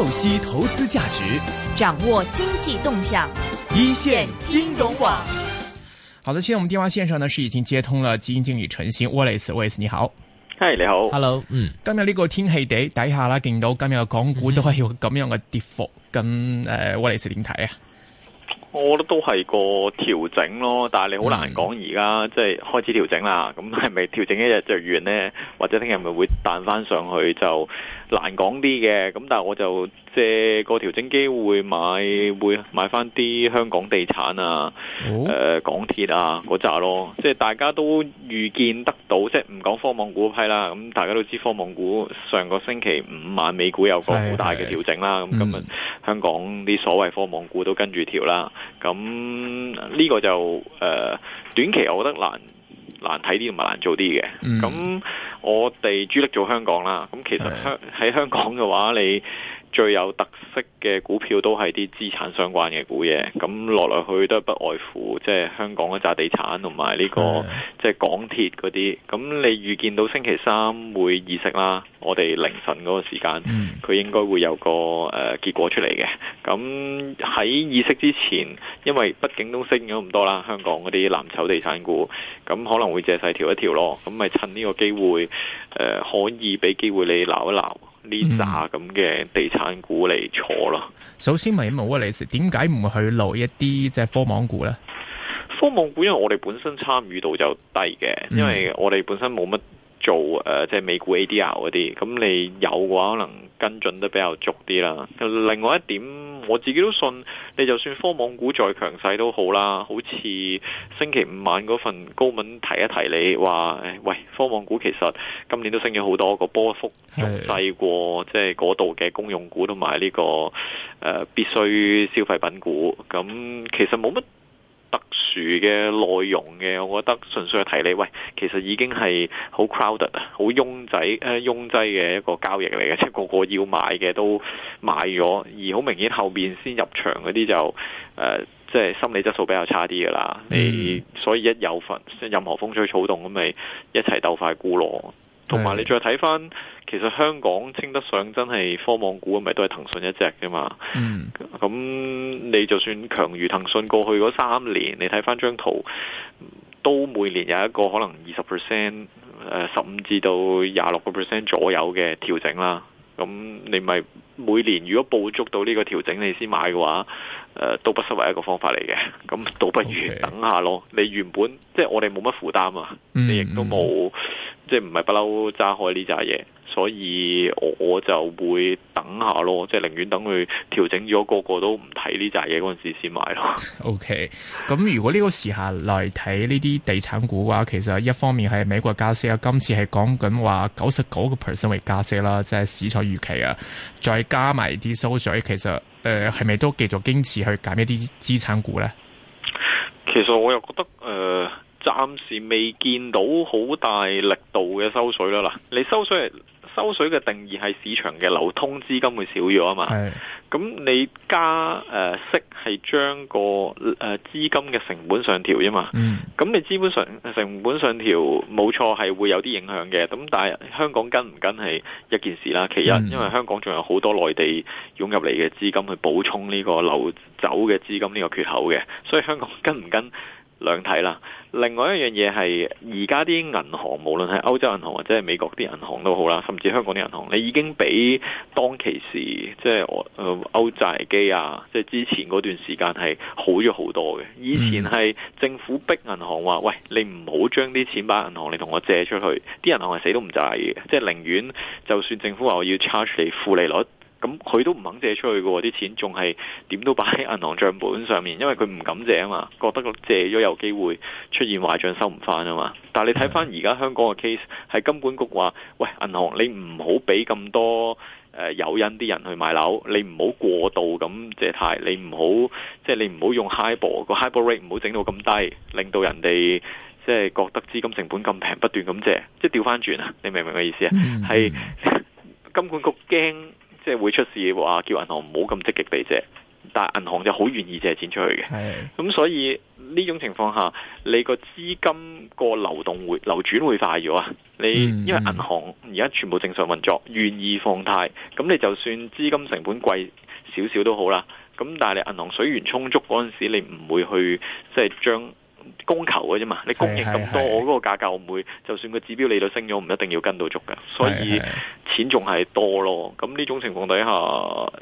透析投資價值，掌握經濟動向，一線金融網。好的，現在我們電話線上呢是已經接通了基金經理陳昕 Wallace，Wallace 你好，Hi 你好，Hello，嗯，今日呢個天氣底底下啦，見到今日嘅港股、嗯、都係要咁樣嘅跌幅，咁誒，Wallace 點睇啊？我覺得都係個調整咯，但係你好難講，而家即係開始調整啦，咁係咪調整一日就完呢？或者聽日咪會彈翻上去就？難講啲嘅，咁但係我就借係個調整機會買，買會買翻啲香港地產啊，誒、哦呃、港鐵啊嗰扎咯，即係大家都預見得到，即係唔講科網股嗰批啦，咁大家都知科網股上個星期五晚美股有個好大嘅調整啦，咁今日香港啲所謂科網股都跟住調啦，咁呢個就誒、呃、短期我覺得難。難睇啲同埋難做啲嘅，咁、mm hmm. 我哋主力做香港啦。咁其實香喺香港嘅話，你。 最有特色嘅股票都係啲資產相關嘅股嘢，咁落嚟去都係不外乎即係香港嗰紮地產同埋呢個的即係港鐵嗰啲。咁你預見到星期三會議息啦，我哋凌晨嗰個時間，間，佢、嗯、應該會有個誒、呃、結果出嚟嘅。咁喺議息之前，因為畢竟都升咗咁多啦，香港嗰啲藍籌地產股，咁可能會借勢調一調咯。咁咪趁呢個機會誒、呃、可以俾機會你鬧一鬧。呢扎咁嘅地產股嚟坐咯。首先咪一啊，你點解唔去攞一啲即係科網股咧？科網股因為我哋本身參與度就低嘅，因為我哋本身冇乜做誒、呃，即係美股 ADR 嗰啲。咁你有嘅話，可能。跟進得比較足啲啦。另外一點，我自己都信，你就算科網股再強勢都好啦。好似星期五晚嗰份高文提一提你話，誒喂，科網股其實今年都升咗好多，個波幅仲細過即係嗰度嘅公用股同埋呢個誒、呃、必需消費品股。咁其實冇乜。特殊嘅內容嘅，我覺得純粹係睇你。喂,其實已經係好 crowded 好擁擠，誒擁擠嘅一個交易嚟嘅，即係個個要買嘅都買咗，而好明顯後面先入場嗰啲就誒、呃,即係心理質素比較差啲㗎啦。你、mm. 所以一有份任何風吹草動咁咪一齊鬥快沽囉。同埋你再睇翻，其實香港稱得上真係科網股，咪都係騰訊一隻㗎嘛。咁、嗯、你就算強如騰訊過去嗰三年，你睇翻張圖，都每年有一個可能二十 percent，誒十五至到廿六個 percent 左右嘅調整啦。咁你咪。每年如果捕捉到呢個調整，你先買嘅話，誒、呃、都不失為一個方法嚟嘅。咁倒不如等下咯。Okay. 你原本即係我哋冇乜負擔啊，嗯、你亦都冇即係唔係不嬲揸開呢扎嘢，所以我就會等下咯。即係寧願等佢調整咗，個個都唔睇呢扎嘢嗰陣時先買咯。OK，咁如果呢個時限嚟睇呢啲地產股嘅話，其實一方面係美國加息啊，今次係講緊話九十九個 percent 嘅加息啦，即係市場預期啊，再加埋啲收水，其實誒係咪都繼續堅持去減一啲資產股呢？其實我又覺得誒、呃，暫時未見到好大力度嘅收水啦。嗱，你收水係。收水嘅定義係市場嘅流通資金會少咗啊嘛，咁是你加息係將個誒資金嘅成本上調啊嘛，咁、嗯、你基本上成本上調冇錯係會有啲影響嘅，咁但係香港跟唔跟係一件事啦，其一因為香港仲有好多內地湧入嚟嘅資金去補充呢個流走嘅資金呢個缺口嘅，所以香港跟唔跟？兩睇啦，另外一樣嘢係而家啲銀行，無論係歐洲銀行或者係美國啲銀行都好啦，甚至香港啲銀行，你已經比當其時即係我誒歐債危機啊，即係之前嗰段時間係好咗好多嘅。以前係政府逼銀行話：喂，你唔好將啲錢擺銀行，你同我借出去，啲銀行係死都唔借嘅，即係寧願就算政府話我要 charge 你負利率。咁佢都唔肯借出去嘅喎，啲錢仲係點都擺喺銀行帳本上面，因為佢唔敢借啊嘛，覺得佢借咗有機會出現壞帳收唔翻啊嘛。但係你睇翻而家香港嘅 case，係金管局話：喂，銀行你唔好俾咁多誒、呃、誘因啲人去買樓，你唔好過度咁借貸，你唔好即係你唔好用 HIBOR 個 HIBOR rate 唔好整到咁低，令到人哋即係覺得資金成本咁平，不斷咁借，即係調翻轉啊！你明唔明我意思啊？係金管局驚。即係會出事，話叫銀行唔好咁積極地借，但係銀行就好願意借錢出去嘅。係，咁所以呢種情況下，你個資金個流動會流轉會快咗啊！你因為銀行而家全部正常運作，願意放貸，咁你就算資金成本貴少少都好啦。咁但係你銀行水源充足嗰陣時，你唔會去即係將。供求嘅啫嘛，你供應咁多，是是是我嗰個價格唔會，就算個指標利率升咗，唔一定要跟到足嘅，所以錢仲係多咯。咁呢種情況底下，誒、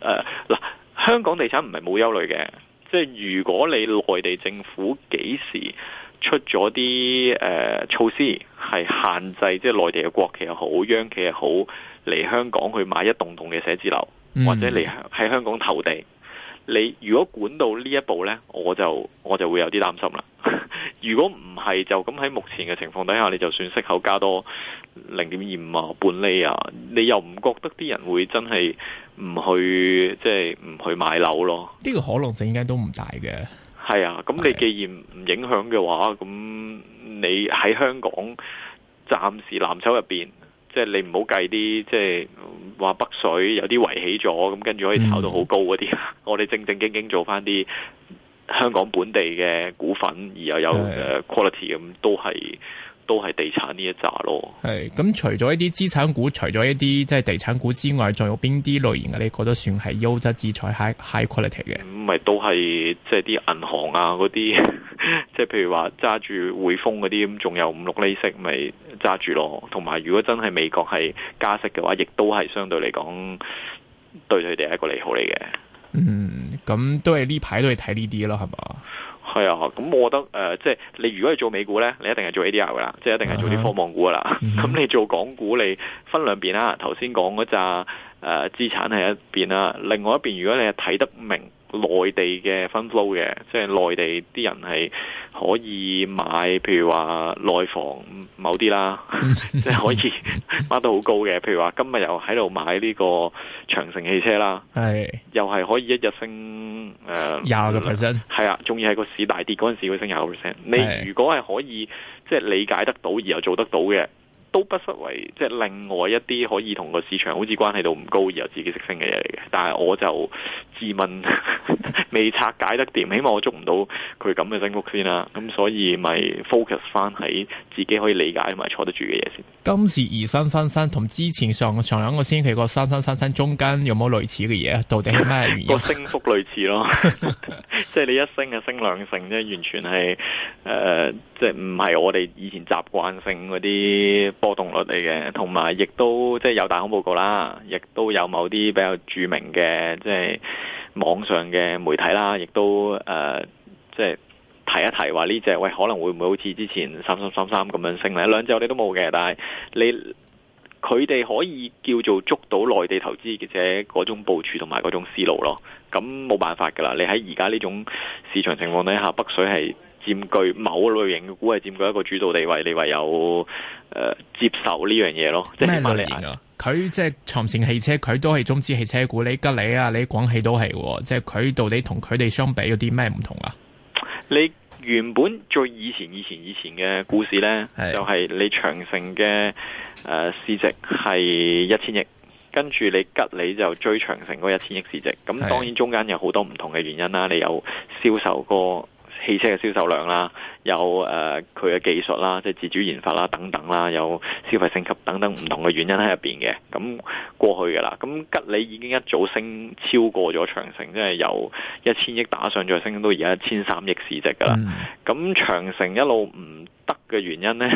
呃、嗱，香港地產唔係冇憂慮嘅，即係如果你內地政府幾時出咗啲誒措施，係限制即係、就是、內地嘅國企又好，央企又好嚟香港去買一棟棟嘅寫字樓，嗯、或者嚟喺香港投地。你如果管到呢一步呢，我就我就會有啲擔心啦。 如果唔係就咁喺目前嘅情況底下，你就算息口加多零點二五啊、半厘啊，你又唔覺得啲人會真係唔去即係唔去買樓咯？呢個可能性應該都唔大嘅。係啊，咁你既然唔影響嘅話，咁你喺香港暫時藍籌入邊。即係你唔好計啲，即係話北水有啲圍起咗，咁跟住可以炒到好高嗰啲。嗯、 我哋正正經經做翻啲香港本地嘅股份，而又有誒 quality 咁的，都係。都係地產呢一紮咯係咁，除咗一啲資產股，除咗一啲即係地產股之外，仲有邊啲類型嘅？呢個都算係優質資產，high high quality 嘅。咁咪都係即係啲銀行啊，嗰啲即係譬如話揸住匯豐嗰啲，咁仲有五六厘息咪揸住咯同埋，如果真係美國係加息嘅話，亦都係相對嚟講對佢哋係一個利好嚟嘅。嗯，咁都係，呢排都係睇呢啲啦，係嘛？係 啊，咁我覺得誒，即係你如果係做美股咧，你一定係做 ADR 噶啦，即係一定係做啲科網股噶啦。咁你做港股，你分兩邊啦。頭先講嗰扎誒資產喺一邊啦，另外一邊如果你係睇得明。內地嘅 fund flow 嘅，即係內地啲人係可以買，譬如話內房某啲啦， 即係可以孖到好高嘅。譬如話今日又喺度買呢個長城汽車啦，係的又係可以一日升誒廿個 percent，係啊，仲、呃、要喺個市大跌嗰陣時，會升廿個 percent。你如果係可以即係是的 理解得到，而又做得到嘅，都不失為即係另外一啲可以同個市場好似關係到唔高而又自己識升嘅嘢嚟嘅，但係我就自問呵呵未拆解得掂，起碼我捉唔到佢咁嘅升幅先啦、啊。咁所以咪 focus 翻喺自己可以理解同埋坐得住嘅嘢先。今次二三三三同之前上上兩個星期個三三三三中間有冇類似嘅嘢？到底係咩原因 個升幅類似咯， 即係你一升嘅升，升兩成啫，完全係誒、呃，即係唔係我哋以前習慣性嗰啲。波動率嚟嘅，同埋亦都即係有大空報告啦，亦都有某啲比較著名嘅即係網上嘅媒體啦，亦都誒、呃、即係提一提話呢隻，喂，可能會唔會好似之前三三三三咁樣升咧？兩隻我哋都冇嘅，但係你佢哋可以叫做捉到內地投資，或者嗰種佈局同埋嗰種思路咯。咁冇辦法㗎啦，你喺而家呢種市場情況底下，北水係，佔據某類型嘅股，係佔據一個主導地位。你唯有誒、呃、接受呢樣嘢咯。即係嘛佢即係長城汽車，佢都係中資汽車股。你吉利啊，你廣汽都係，即係佢到底同佢哋相比有啲咩唔同啊？你原本最以前、以前、以前嘅故事呢，是的 就係你長城嘅、呃、市值係一千億，跟住你吉利就追長城嗰一千億市值。咁當然中間有好多唔同嘅原因啦。你有銷售過。汽車嘅銷售量啦，有誒佢嘅技術啦，即係自主研發啦等等啦，有消費升級等等唔同嘅原因喺入邊嘅，咁過去嘅啦，咁吉利已經一早升超過咗長城，即係由一千億打上再升到而家千三億市值噶啦，咁長城一路唔得嘅原因呢？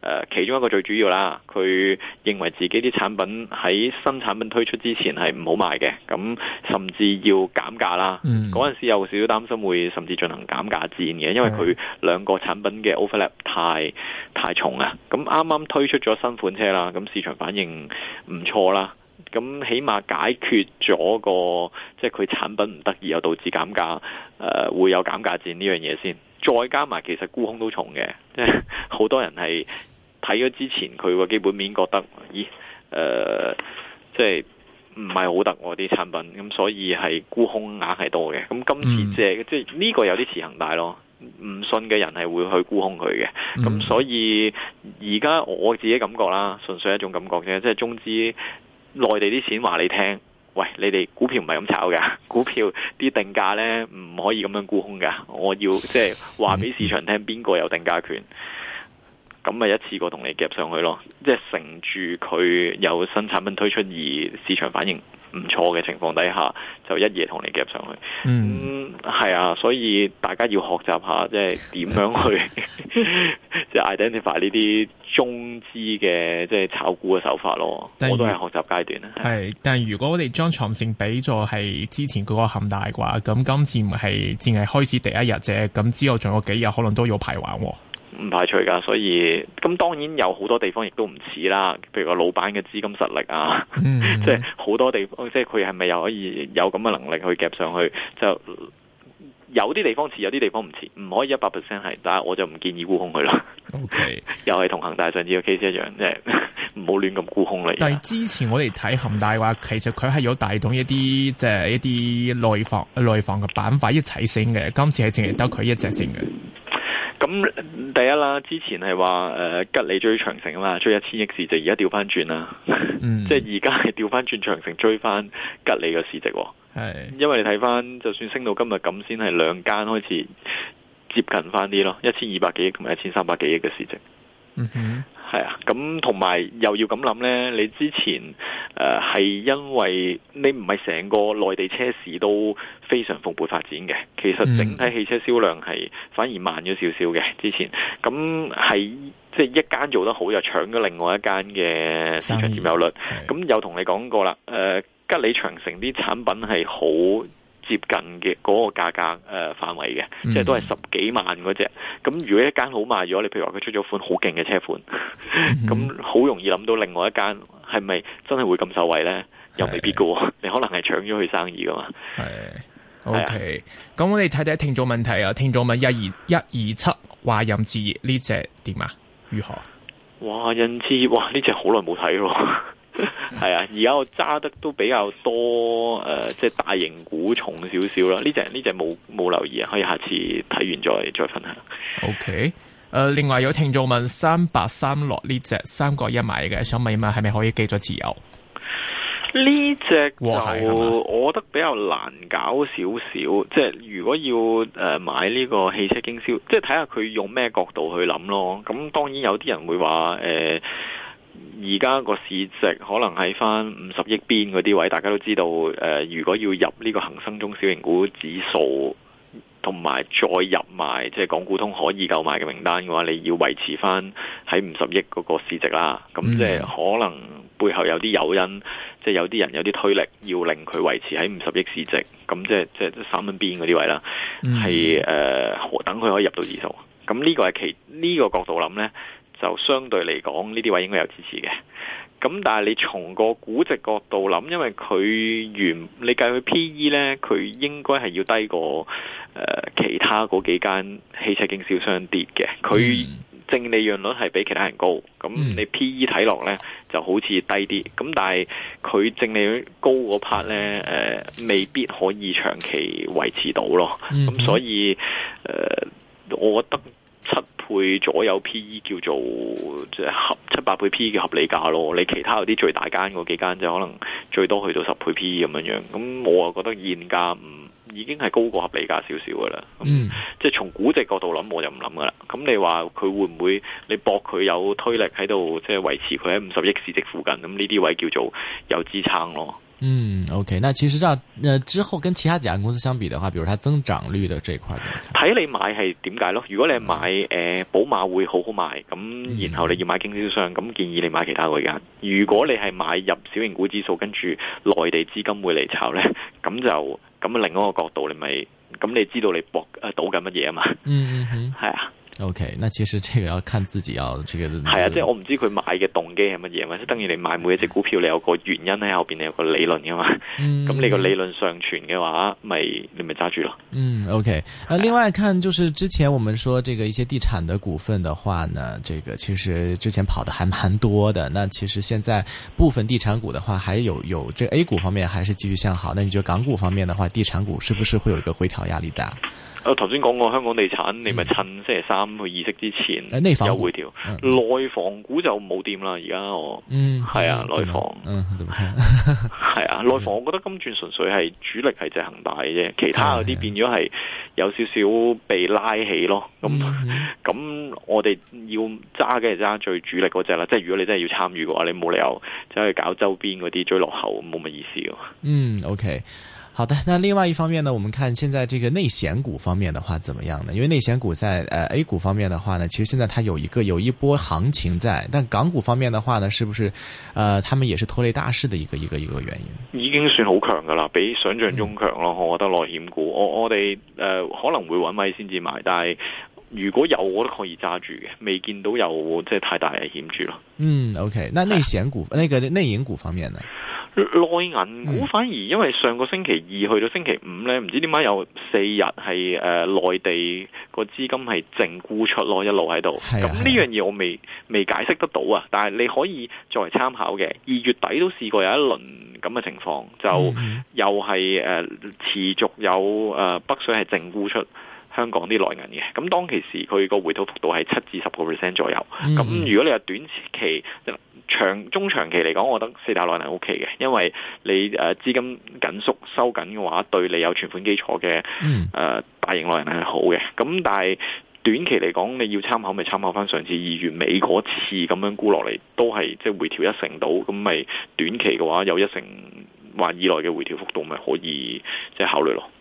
誒、呃，其中一個最主要啦，佢認為自己啲產品喺新產品推出之前係唔好賣嘅，咁甚至要減價啦。嗰陣、mm. 時有少少擔心會甚至進行減價戰嘅，因為佢兩個產品嘅 overlap 太太重喇。咁啱啱推出咗新款車啦，咁市場反應唔錯啦，咁起碼解決咗個即係佢產品唔得意又導致減價，誒、呃、會有減價戰呢樣嘢先。再加埋其實沽空都重嘅，即係 好多人係。睇咗之前佢嘅基本面，覺得，咦，誒、呃，即係唔係好得我啲產品，咁所以係沽空硬係多嘅。咁今次借、即係，嗯、即係呢、呢個有啲恥恆大咯，唔信嘅人係會去沽空佢嘅。咁、嗯、所以而家我自己感覺啦，純粹一種感覺啫，即係中資內地啲錢話你聽，喂，你哋股票唔係咁炒嘅，股票啲定價呢唔可以咁樣沽空嘅，我要即係話俾市場聽邊個有定價權。嗯。咁咪一次過同你夾上去咯，即係乘住佢有新產品推出而市場反應唔錯嘅情況底下，就一夜同你夾上去。嗯，嗯，係啊，所以大家要學習下，即係點樣去即係 identify 呢啲中資嘅即係炒股嘅手法咯。如我都係學習階段啊。係，但係如果我哋將長線比作係之前嗰個恆大嘅話，咁今次唔係淨係開始第一日啫，咁之後仲有幾日可能都有排玩。唔排除噶，所以咁當然有好多地方亦都唔似啦。譬如個老闆嘅資金實力啊，即係好多地方，即係佢係咪又可以有咁嘅能力去夾上去？就有啲地方似，有啲地方唔似，唔可以一百 percent 係。但係我就唔建議沽空佢啦。OK，又係同恒大上次嘅 case 一樣，即係唔好亂咁沽空啦啊。但係之前我哋睇恒大嘅話，其實佢係有帶動一啲即係一啲內房內房嘅板塊一齊升嘅。今次係淨係得佢一隻升嘅。咁第一啦，之前係話誒，吉利追長城啊嘛，追一千億市值，而家調翻轉啦，嗯、 即係而家係調翻轉，長城追翻吉利嘅市值。哦，係是，因為你睇翻，就算升到今日咁，先係兩間開始接近翻啲咯，一千二百幾億同埋一千三百幾億嘅市值，嗯哼。係啊，咁同埋又要咁諗呢。你之前誒係、呃、因為你唔係成個內地車市都非常蓬勃發展嘅，其實整體汽車銷量係反而慢咗少少嘅之前。咁係即係一間做得好又搶咗另外一間嘅市場佔有率。咁又同你講過啦，誒、呃、吉利長城啲產品係好。接近嘅嗰個價格誒範圍嘅，即係都係十幾萬嗰隻。咁、嗯、如果一間好賣咗，你譬如話佢出咗款好勁嘅車款，咁好、嗯、哼容易諗到另外一間係咪真係會咁受惠咧？是又未必噶，你可能係搶咗佢生意噶嘛。係，OK、啊。咁我哋睇睇聽眾問題啊，聽眾問 12, 12 7, 一二一二七華人置業呢隻點啊？如何？華人置業，哇！呢隻好耐冇睇咯。係 啊，而家我揸得都比較多誒、呃，即係大型股重少少啦。呢隻呢隻冇冇留意啊，可以下次睇完再再分享。OK，誒、呃，另外有聽眾問三八三六呢隻三角一買嘅，想問一問係咪可以記咗持有？呢隻就我覺得比較難搞少少，即係如果要誒買呢個汽車經銷，即係睇下佢用咩角度去諗咯。咁當然有啲人會話誒。呃而家個市值可能係翻五十億邊嗰啲位，大家都知道。誒、呃，如果要入呢個恒生中小型股指數，同埋再入埋即係港股通可以購買嘅名單嘅話，你要維持翻喺五十億嗰個市值啦。咁即係可能背後有啲誘因，即、就、係、是、有啲人有啲推力，要令佢維持喺五十億市值。咁即係即係三蚊邊嗰啲位啦，係誒、嗯，何、呃、等佢可以入到指數？咁呢個係其呢、這個角度諗呢。就相對嚟講呢啲位應該有支持嘅。咁但係你從個估值角度諗，因為佢原你計佢 P E 咧，佢應該係要低過誒、呃、其他嗰幾間汽車經銷商跌嘅。佢淨利潤率係比其他人高，咁你 P E 睇落咧，就好似低啲。咁但係佢淨利率高嗰 part 咧，誒、呃、未必可以長期維持到咯。咁所以誒、呃、我覺得。七倍左右 PE 叫做即係合七八倍 PE 嘅合理價咯，你其他嗰啲最大間嗰幾間就可能最多去到十倍 PE 咁樣樣，咁我啊覺得現價唔、嗯、已經係高過合理價少少噶啦，嗯，即係從估值角度諗我就唔諗噶啦，咁你話佢會唔會你博佢有推力喺度，即係維持佢喺五十億市值附近，咁呢啲位叫做有支撐咯。嗯，OK，那其實上，誒、呃、之後跟其他幾間公司相比嘅話，比如它增長率嘅這一塊，睇你買係點解咯？如果你買誒寶、嗯呃、馬會好好賣，咁然後你要買經銷商，咁建議你買其他嗰間。如果你係買入小型股指數，跟住內地資金會嚟炒咧，咁就咁另一個角度你，你咪咁你知道你搏誒賭緊乜嘢啊嘛？嗯嗯，係、嗯嗯、啊。O、okay, K，那其實這個要看自己要這個。係啊，即係我唔知佢買嘅動機係乜嘢嘛，即係等於你買每一隻股票，你有個原因喺後邊，你有個理論噶嘛。咁你、嗯、個理論上傳嘅話，咪、嗯、你咪揸住咯。嗯，O K。Okay、啊，另外看就是之前我們說這個一些地產的股份的話呢，這個其實之前跑得還蠻多的。那其實現在部分地產股的話，還有有這 A 股方面還是繼續向好。那你覺得港股方面的話，地產股是不是會有一個回調壓力大？我頭先講過香港地產，你咪趁星期三去議息之前、嗯、有回調。內房股就冇掂啦，而家我，嗯，係啊，內房，係、嗯、 啊，內房，我覺得今轉純粹係主力係隻恒大啫，其他嗰啲變咗係有少少被拉起咯。咁咁，我哋要揸嘅係揸最主力嗰隻啦。即係如果你真係要參與嘅話，你冇理由走去搞周邊嗰啲追落後，冇乜意思。嗯，OK。好的，那另外一方面呢，我們看現在這個內險股方面的話，怎麼樣呢？因為內險股在，誒、呃、A 股方面的話呢，其實現在它有一個有一波行情在，但港股方面的話呢，是不是，呃，他們也是拖累大市的一個一個一個原因？已經算好強㗎喇，比想象中強咯，我覺得內險股，我我哋誒、呃、可能會搵位先至買，但係。如果有我都可以揸住嘅，未見到有即係太大嘅險處咯。嗯，OK，那內險股、的那個內銀股方面呢？內銀股反而因為上個星期二去到星期五咧，唔知點解有四日係誒內地個資金係淨沽出咯，一路喺度。咁呢樣嘢我未未解釋得到啊，但係你可以作為參考嘅。二月底都試過有一輪咁嘅情況，就又係誒、嗯呃、持續有誒、呃、北水係淨沽出。香港啲內銀嘅，咁當其時佢個回吐幅度係七至十個 percent 左右。咁、嗯、如果你話短期、長、中長期嚟講，我覺得四大內銀 OK 嘅，因為你誒、呃、資金緊縮收緊嘅話，對你有存款基礎嘅誒、呃、大型內銀係好嘅。咁但係短期嚟講，你要參考咪參考翻上次二月尾嗰次咁樣沽落嚟，都係即係回調一成到，咁咪短期嘅話有一成或以內嘅回調幅度，咪可以即係、就是、考慮咯。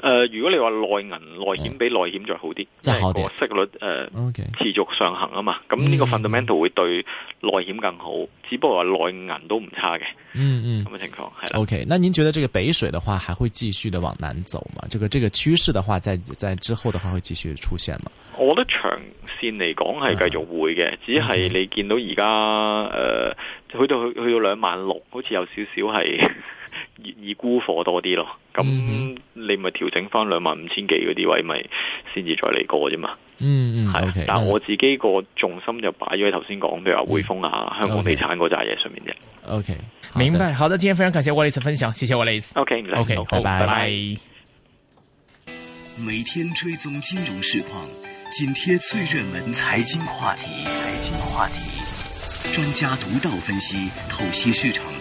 誒、呃，如果你話內銀內險比內險再好啲，即係個息率誒、呃、Okay. 持續上行啊嘛，咁呢個 fundamental 會對內險更好，嗯、只不過話內銀都唔差嘅、嗯，嗯嗯，咁嘅情況係啦。O、okay, K，那您覺得這個北水的話還會繼續的往南走嗎？這個這個趨勢的話在，在在之後的話會繼續出現嗎？我覺得長線嚟講係繼續會嘅，啊、只係你見到而家誒去到去去到兩萬六，好似有少少係。 以沽貨多啲咯，咁你咪調整翻兩萬五千幾嗰啲位，咪先至再嚟過啫嘛。嗯嗯，係。但我自己個重心就擺咗喺頭先講，譬如話匯豐啊、香港地產嗰扎嘢，上面啫。O K，明白。好的，今天非常感謝我哋一次分享，謝謝我哋一次。O K，O K，拜拜。每天追蹤金融市況，緊貼最熱門財經話題，財經話題，專家獨到分析，透析市場。